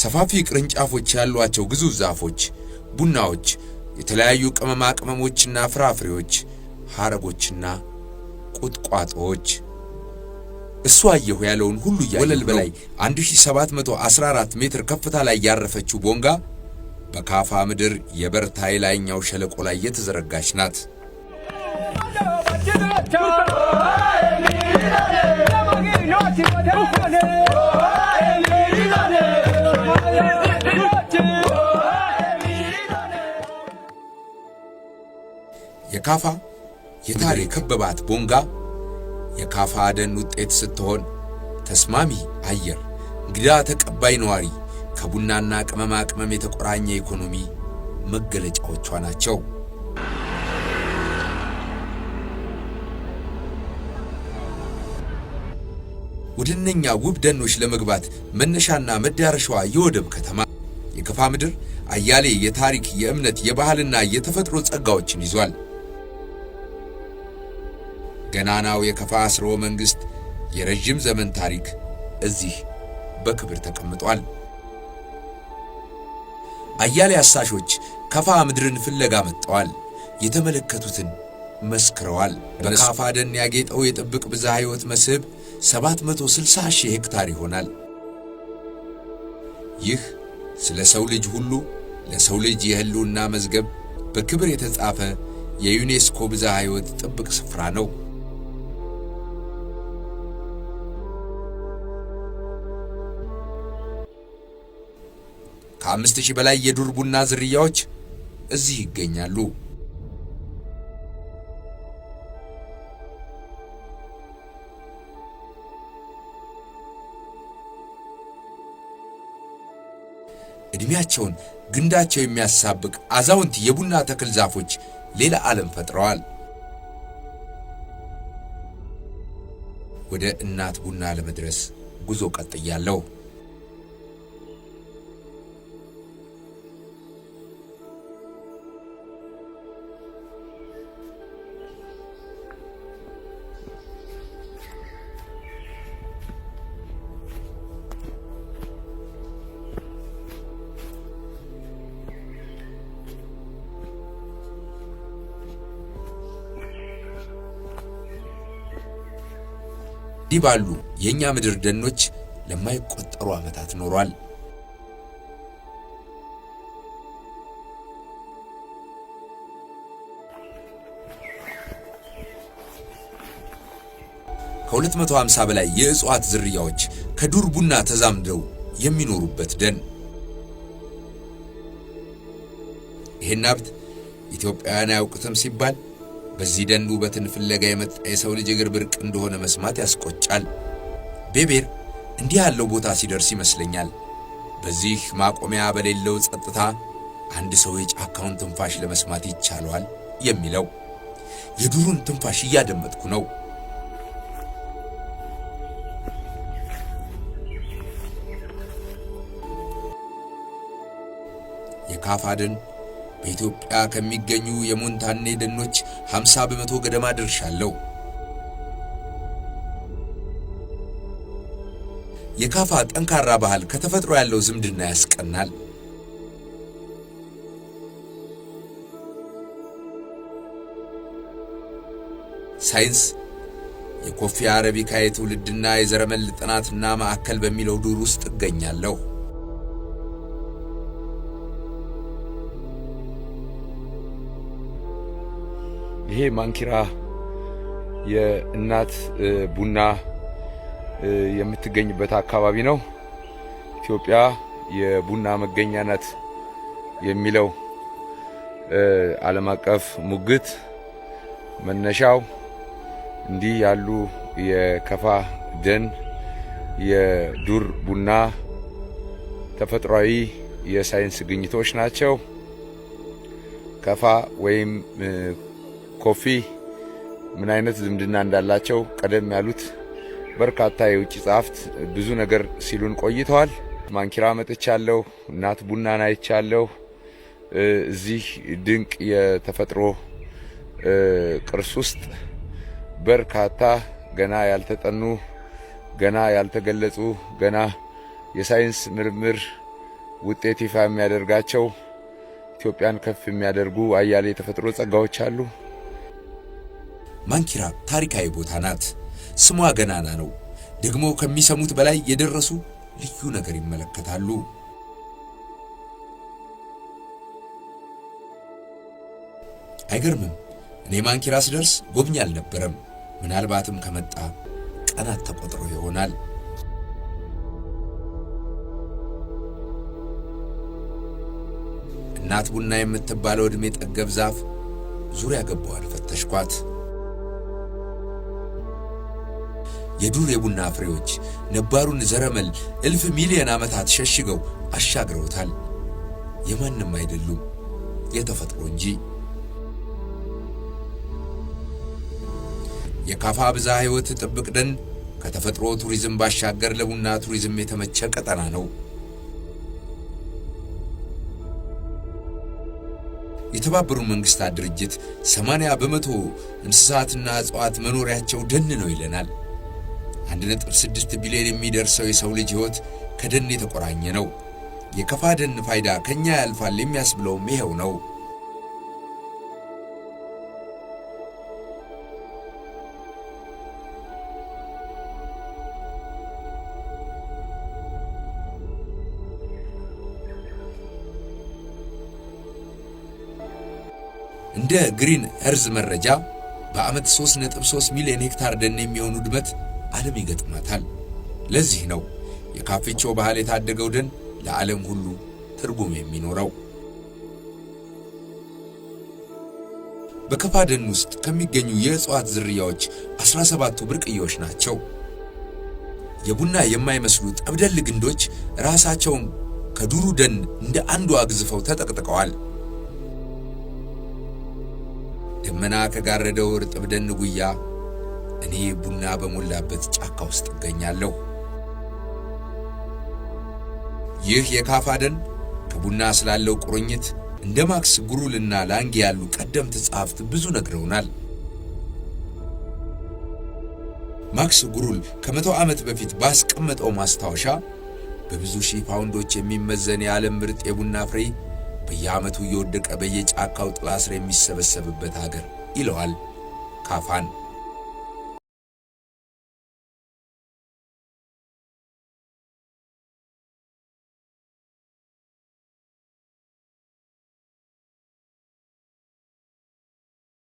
ሰፋፊ ቅርንጫፎች ያሏቸው ግዙፍ ዛፎች፣ ቡናዎች፣ የተለያዩ ቅመማ ቅመሞችና ፍራፍሬዎች፣ ሐረጎችና ቁጥቋጦዎች እሱ አየሁ ያለውን ሁሉ ወለል በላይ 1714 ሜትር ከፍታ ላይ ያረፈችው ቦንጋ በካፋ ምድር የበርታ የላይኛው ሸለቆ ላይ የተዘረጋች ናት። የካፋ የታሪ ከበባት ቦንጋ የካፋ አደን ውጤት ስትሆን ተስማሚ አየር፣ እንግዳ ተቀባይ ነዋሪ፣ ከቡናና ቅመማ ቅመም የተቆራኘ ኢኮኖሚ መገለጫዎቿ ናቸው። ወደ እነኛ ውብ ደኖች ለመግባት መነሻና መዳረሻዋ የወደብ ከተማ የከፋ ምድር አያሌ የታሪክ የእምነት፣ የባህልና የተፈጥሮ ጸጋዎችን ይዟል። ገናናው የከፋ ሥርወ መንግሥት የረዥም ዘመን ታሪክ እዚህ በክብር ተቀምጧል። አያሌ አሳሾች ከፋ ምድርን ፍለጋ መጥተዋል። የተመለከቱትን መስክረዋል። በካፋ ደን ያጌጠው የጥብቅ ብዝሃ ሕይወት መስህብ 760 ሺህ ሄክታር ይሆናል። ይህ ስለ ሰው ልጅ ሁሉ ለሰው ልጅ የህልውና መዝገብ በክብር የተጻፈ የዩኔስኮ ብዝሃ ሕይወት ጥብቅ ስፍራ ነው። ከአምስት ሺህ በላይ የዱር ቡና ዝርያዎች እዚህ ይገኛሉ። ዕድሜያቸውን ግንዳቸው የሚያሳብቅ አዛውንት የቡና ተክል ዛፎች ሌላ ዓለም ፈጥረዋል። ወደ እናት ቡና ለመድረስ ጉዞ ቀጥያለሁ። እንዲህ ባሉ የእኛ ምድር ደኖች ለማይቆጠሩ ዓመታት ኖሯል። ከ250 በላይ የእጽዋት ዝርያዎች ከዱር ቡና ተዛምደው የሚኖሩበት ደን። ይህን ሀብት ኢትዮጵያውያን አያውቁትም ሲባል በዚህ ደን ውበትን ፍለጋ የመጣ የሰው ልጅ እግር ብርቅ እንደሆነ መስማት ያስቆጫል። ቤቤር እንዲህ ያለው ቦታ ሲደርስ ይመስለኛል በዚህ ማቆሚያ በሌለው ጸጥታ አንድ ሰው የጫካውን ትንፋሽ ለመስማት ይቻለዋል የሚለው የዱሩን ትንፋሽ እያደመጥኩ ነው። የካፋድን በኢትዮጵያ ከሚገኙ የሞንታኔ ደኖች 50 በመቶ ገደማ ድርሻ አለው። የካፋ ጠንካራ ባህል ከተፈጥሮ ያለው ዝምድና ያስቀናል። ሳይንስ የኮፊ አረቢካ የትውልድና የዘረመል ጥናትና ማዕከል በሚለው ዱር ውስጥ እገኛለሁ። ይሄ ማንኪራ የእናት ቡና የምትገኝበት አካባቢ ነው። ኢትዮጵያ የቡና መገኛ ናት የሚለው ዓለም አቀፍ ሙግት መነሻው እንዲህ ያሉ የከፋ ደን የዱር ቡና ተፈጥሯዊ የሳይንስ ግኝቶች ናቸው። ከፋ ወይም ኮፊ ምን አይነት ዝምድና እንዳላቸው ቀደም ያሉት በርካታ የውጭ ጸሐፍት ብዙ ነገር ሲሉን ቆይተዋል። ማንኪራ መጥቻለሁ። እናት ቡናን አይቻለሁ። እዚህ ድንቅ የተፈጥሮ ቅርስ ውስጥ በርካታ ገና ያልተጠኑ ገና ያልተገለጹ ገና የሳይንስ ምርምር ውጤት ይፋ የሚያደርጋቸው ኢትዮጵያን ከፍ የሚያደርጉ አያሌ የተፈጥሮ ጸጋዎች አሉ። ማንኪራ ታሪካዊ ቦታ ናት። ስሟ ገናና ነው። ደግሞ ከሚሰሙት በላይ የደረሱ ልዩ ነገር ይመለከታሉ። አይገርምም? እኔ ማንኪራ ስደርስ ጎብኝ አልነበረም። ምናልባትም ከመጣ ቀናት ተቆጥሮ ይሆናል። እናት ቡና የምትባለው ዕድሜ ጠገብ ዛፍ ዙሪያ ገባዋል ፈተሽኳት። የዱር የቡና ፍሬዎች ነባሩን ዘረመል እልፍ ሚሊዮን ዓመታት ሸሽገው አሻግረውታል። የማንም አይደሉም፣ የተፈጥሮ እንጂ። የካፋ ብዝሃ ሕይወት ጥብቅ ደን ከተፈጥሮ ቱሪዝም ባሻገር ለቡና ቱሪዝም የተመቸ ቀጠና ነው። የተባበሩ መንግስታት ድርጅት 80 በመቶ እንስሳትና እጽዋት መኖሪያቸው ደን ነው ይለናል። 1.6 ቢሊዮን የሚደርሰው የሰው ልጅ ሕይወት ከደን የተቆራኘ ነው። የከፋ ደን ፋይዳ ከእኛ ያልፋል የሚያስብለውም ይኸው ነው። እንደ ግሪን እርዝ መረጃ በዓመት 3.3 ሚሊዮን ሄክታር ደን የሚሆን ውድመት ዓለም ይገጥማታል። ለዚህ ነው የካፍቾ ባህል የታደገው ደን ለዓለም ሁሉ ትርጉም የሚኖረው። በከፋ ደን ውስጥ ከሚገኙ የእጽዋት ዝርያዎች 17ቱ ብርቅዬዎች ናቸው። የቡና የማይመስሉ ጠብደል ግንዶች ራሳቸውን ከዱሩ ደን እንደ አንዱ አግዝፈው ተጠቅጥቀዋል። ደመና ከጋረደው እርጥብ ደን ጉያ እኔ ቡና በሞላበት ጫካ ውስጥ እገኛለሁ። ይህ የካፋ ደን ከቡና ስላለው ቁርኝት እንደ ማክስ ጉሩልና ላንግ ያሉ ቀደምት ጸሐፍት ብዙ ነግረውናል። ማክስ ጉሩል ከመቶ ዓመት በፊት ባስቀመጠው ማስታወሻ በብዙ ሺህ ፓውንዶች የሚመዘን የዓለም ምርጥ የቡና ፍሬ በየዓመቱ እየወደቀ በየጫካው ጥላ ስር የሚሰበሰብበት አገር ይለዋል ካፋን።